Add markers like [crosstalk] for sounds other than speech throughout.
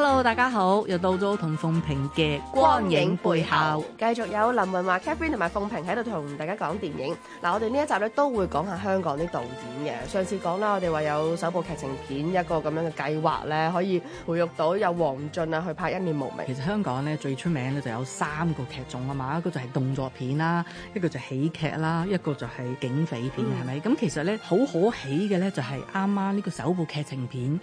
Hello，大家好，又到咗同鳳萍嘅光影背後，繼續有林雲華、Catherine 同埋鳳萍喺度同大家講電影。嗱，我哋呢一集咧都會講下香港啲導演嘅。上次講啦，我哋話有首部劇情片一個咁樣嘅計劃咧，可以培育到有黃進啊去拍《一念無明》。其實香港咧最出名咧就有三個劇種啊嘛，一個就係動作片啦，一個就係喜劇啦，一個就係警匪片，係、嗯、咪？咁其實咧好可喜嘅咧就係啱啱呢個首部劇情片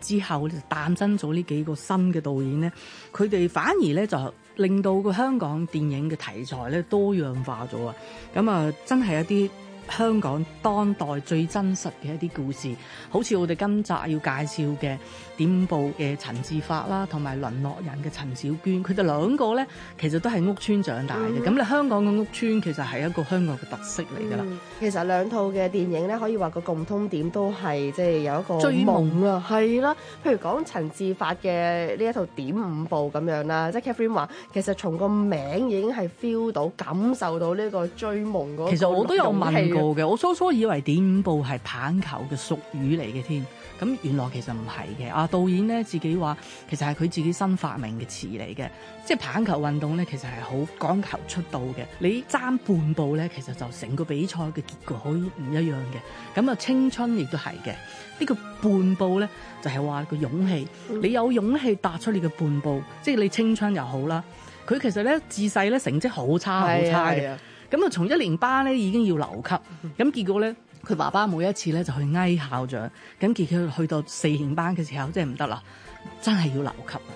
誒之後咧就誕生咗呢幾。呢個新嘅導演咧，佢哋反而咧就令到個香港電影嘅題材咧多樣化咗啊。咁啊，真係一啲，香港當代最真實嘅一啲故事，好似我哋今集要介紹嘅《點五部》嘅陳志發啦，同埋《淪落人》嘅陳小娟，佢哋兩個咧其實都係屋村長大嘅。咁、嗯、你香港嘅屋村其實係一個香港嘅特色嚟㗎啦。其實兩套嘅電影咧，可以話個共通點都係即係有一個追夢啦，係啦。譬如講陳志發嘅呢一套《點五部》咁樣啦，即係 Kevin 話，其實從個名已經係 feel 到感受到呢個追夢嗰種感覺。其實我都有問。嘅，我初初以為點五步係棒球嘅術語嚟嘅添，咁原來其實唔係嘅。啊導演咧自己話，其實係佢自己新發明嘅詞嚟嘅，即係棒球運動咧，其實係好講求出道嘅。你爭半步咧，其實就成個比賽嘅結果好唔一樣嘅。咁、嗯、啊，青春亦都係嘅。呢、這個半步咧，就係、是、話個勇氣。你有勇氣踏出你嘅半步，嗯、即係你青春又好啦。佢其實咧自細咧成績好差好差嘅。哎咁啊，從一年班咧已經要留級，咁結果咧，佢爸爸每一次咧就去嗌校長，咁結果去到四年班嘅時候，即係唔得啦，真係要留級啊！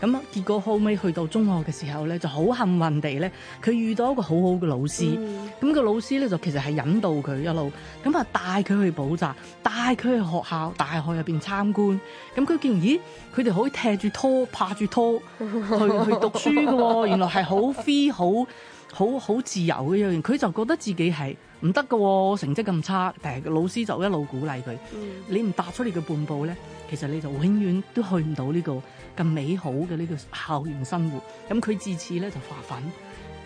咁結果後尾去到中學嘅時候咧，就好幸運地咧，佢遇到一個好好嘅老師，咁個老師咧就其實係引導佢一路，咁啊帶佢去補習，帶佢去學校、大學入面參觀，咁佢見然，咦，佢哋可以踢住拖、拍住拖去去讀書嘅喎、哦，原來係好 free 好～好好自由嘅一樣，佢就覺得自己係唔得喎，成績咁差，但係老師就一路鼓勵佢。嗯。你唔踏出嚟嘅半步咧，其實你就永遠都去唔到呢個咁美好嘅呢個校園生活。咁佢自此咧就發奮。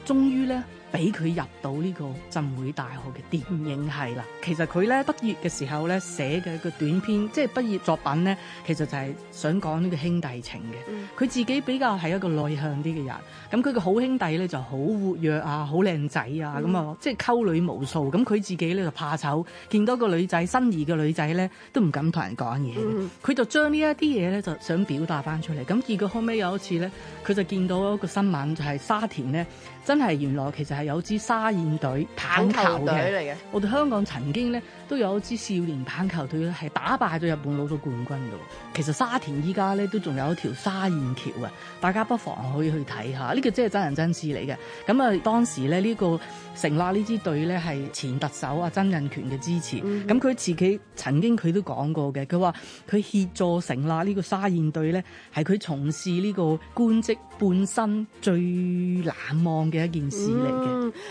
終於咧，俾佢入到呢個浸會大學嘅電影系啦。其實佢咧畢業嘅時候咧寫嘅一個短篇，即係畢業作品咧，其實就係想講呢個兄弟情嘅。佢、嗯、自己比較係一個內向啲嘅人，咁佢嘅好兄弟咧就好活躍啊，好靚仔啊，咁、嗯、啊，即係溝女無數。咁佢自己咧就怕醜，見到個女仔心儀嘅女仔咧都唔敢同人講嘢。佢就將呢一啲嘢咧就想表達翻出嚟。咁結果後尾有一次咧，佢就見到一個新聞，就係沙田咧。真係，原來其實係有支沙燕隊棒球隊嚟嘅。我哋香港曾經咧，都有一支少年棒球隊係打敗咗日本攞咗冠軍嘅。其實沙田依家咧都仲有一條沙燕橋啊，大家不妨可以去睇下。呢、哦這個真係真人真事嚟嘅。咁、嗯、啊，當時咧呢、這個成立呢支隊咧係前特首啊曾蔭權嘅支持。咁、嗯、佢自己曾經佢都講過嘅，佢話佢協助成立呢個沙燕隊咧，係佢從事呢個官職半生最難忘嘅一件事嚟嘅。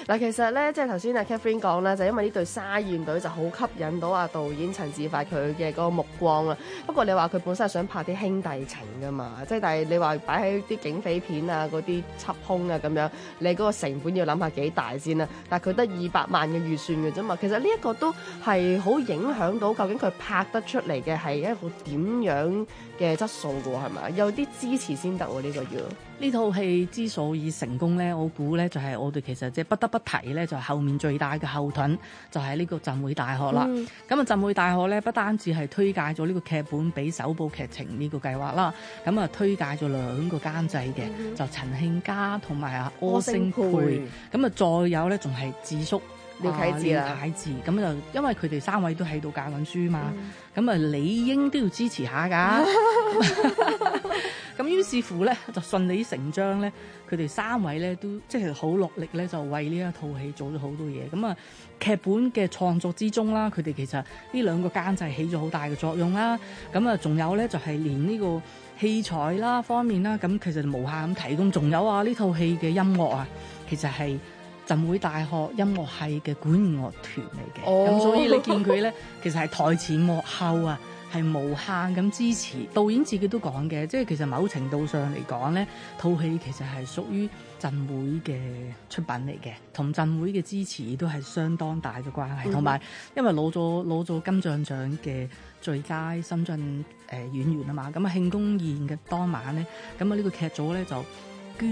嗱、 [music] 嗯，其實咧，即係頭先阿 Catherine 講咧，就因為呢對沙燕隊就好吸引到阿導演陳志發佢嘅嗰個目光啦。不過你話佢本身係想拍啲兄弟情噶嘛，即係但係你話擺喺啲警匪片啊、嗰啲緝兇啊咁樣，你嗰個成本要諗下幾大先啊。但係佢得二百萬嘅預算嘅啫嘛。其實呢一個都係好影響到究竟佢拍得出嚟嘅係一個點樣嘅質素嘅喎，係咪啊？有啲支持先得喎，呢個要。呢套戲之所以成功咧，我估咧就係我哋其實即係不得不提咧，就係後面最大嘅後盾就係、是、呢個浸會大學啦。咁、嗯嗯、啊，浸會大學咧不單止係推介咗呢個劇本俾首部劇情呢個計劃啦，咁啊推介咗兩個監製嘅，就陳慶嘉同埋阿柯星佩。咁啊，再有咧仲係智叔廖啟智啊，咁就因為佢哋三位都喺度教緊書嘛，咁、嗯、啊理應都要支持下㗎。 [laughs] 咁於是乎咧，就順理成章咧，佢哋三位咧都即係好落力咧，就為呢一套戲做咗好多嘢。咁啊，劇本嘅創作之中啦，佢哋其實呢兩個監製起咗好大嘅作用啦。咁啊，仲有咧就係、是、連呢個器材啦方面啦，咁其實無限咁提供。仲有啊，呢套戲嘅音樂啊，其實係浸會大學音樂系嘅管樂團嚟嘅。咁、哦、所以你見佢咧， [laughs] 其實係台前幕後啊。係無限咁支持，導演自己都講嘅，即係其實某程度上嚟講咧，套戲其實係屬於鎮會嘅出品嚟嘅，同鎮會嘅支持都係相當大嘅關係。同、嗯、埋因為攞咗攞咗金像獎嘅最佳新晉誒演員啊嘛，咁啊慶功宴嘅當晚咧，咁啊呢個劇組咧就。捐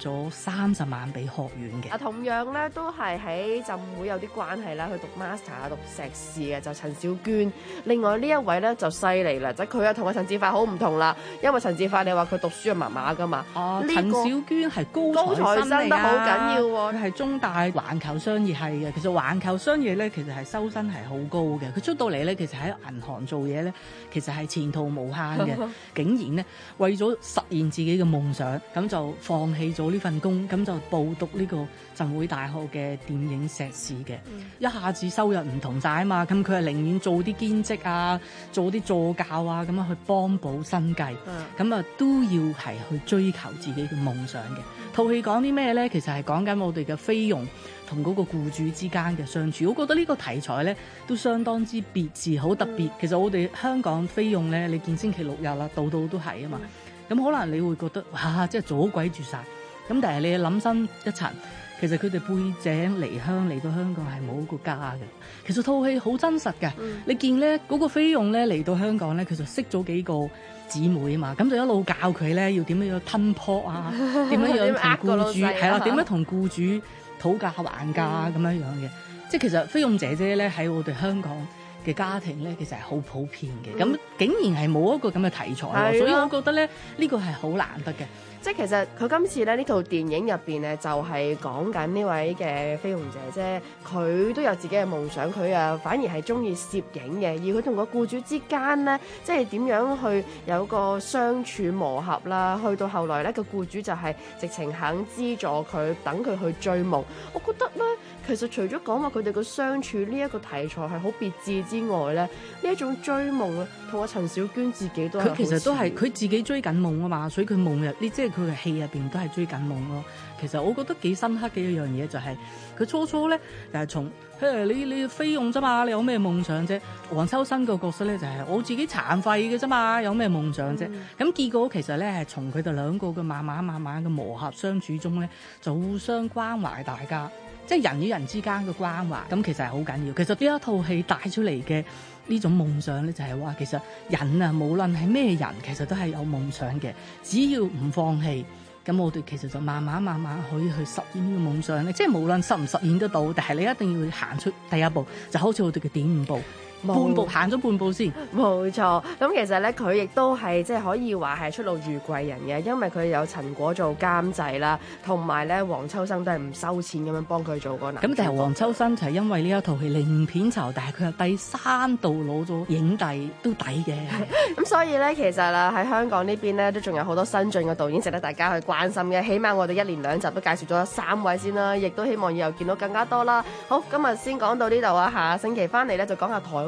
咗三十萬俾學院嘅，啊，同樣咧都係喺浸會有啲關係啦，去讀 master 讀碩士嘅就是、陳小娟，另外呢一位咧就犀利啦，即係佢又同阿陳志發好唔同啦，因為陳志發你話佢讀書麻麻噶嘛，啊、這個，陳小娟係高、啊、高係高材生嚟好緊要喎，佢、啊、係中大環球商業系嘅，其實環球商業咧其實係收身係好高嘅，佢出到嚟咧其實喺銀行做嘢咧，其實係前途無限嘅， [laughs] 竟然呢，為咗實現自己嘅夢想咁。就放棄咗呢份工，咁就報讀呢個浸會大學嘅電影碩士嘅、嗯，一下子收入唔同晒啊嘛，咁佢係寧願做啲兼職啊，做啲助教啊，咁樣去幫補生計，咁、嗯、啊都要係去追求自己嘅夢想嘅、嗯。套戲講啲咩呢？其實係講緊我哋嘅菲傭同嗰個雇主之間嘅相處。我覺得呢個題材呢都相當之別致，好特別、嗯。其實我哋香港菲傭呢，你見星期六日啦，度度都係啊嘛。嗯咁可能你會覺得哇，即係阻鬼住晒。咁但係你諗深一層，其實佢哋背井離鄉嚟到香港係冇個家嘅。其實套戲好真實嘅、嗯，你見咧嗰、嗰個菲傭咧嚟到香港咧，佢就識咗幾個姊妹啊嘛，咁就一路教佢咧要點樣要吞泡啊，點樣、啊啊、樣同雇主係啦，點樣同僱主討價還價啊咁、嗯、樣樣嘅。即係其實菲傭姐姐咧喺我哋香港嘅家庭咧，其實係好普遍嘅。咁、嗯、竟然係冇一個咁嘅題材，所以我覺得咧，呢個係好難得嘅。即係其實佢今次咧呢套電影入邊咧，就係講緊呢位嘅飛鴻姐姐，佢都有自己嘅夢想，佢啊反而係中意攝影嘅。而佢同個僱主之間咧，即係點樣去有個相處磨合啦？去到後來咧，個僱主就係直情肯資助佢，等佢去追夢，我覺得咧，其實除咗講話佢哋嘅相處呢一個題材係好別致之之外咧，呢一種追夢咧，同阿陳小娟自己都佢其實都係佢自己追緊夢啊嘛，所以佢夢入呢，即係佢嘅戲入邊都係追緊夢咯。其實我覺得幾深刻嘅一樣嘢就係、是、佢初初咧，就係、是、從，你你菲傭咋嘛？你有咩夢想啫？黃秋生個角色咧就係、是、我自己殘廢嘅咋嘛？有咩夢想啫？咁、嗯、結果其實咧係從佢哋兩個嘅慢慢慢慢嘅磨合相處中咧，就互相關懷大家。即係人與人之間嘅關懷，咁其實係好緊要。其實呢一套戲帶出嚟嘅呢種夢想咧，就係話其實人啊，無論係咩人，其實都係有夢想嘅。只要唔放棄，咁我哋其實就慢慢慢慢可以去實現呢個夢想。即係無論實唔實現得到，但係你一定要行出第一步，就好似我哋嘅點五步。半步行咗半步先，冇錯。咁其實咧，佢亦都係即係可以話係出路遇貴人嘅，因為佢有陳果做監製啦，同埋咧黃秋生都係唔收錢咁樣幫佢做個男主角。咁但係黃秋生就係因為呢一套戲零片酬，但係佢係第三度攞咗影帝都，都抵嘅。咁所以咧，其實啦喺香港呢邊咧都仲有好多新晉嘅導演值得大家去關心嘅。起碼我哋一連兩集都介紹咗三位先啦，亦都希望以後見到更加多啦。好，今日先講到呢度啊，下星期翻嚟咧就講下台。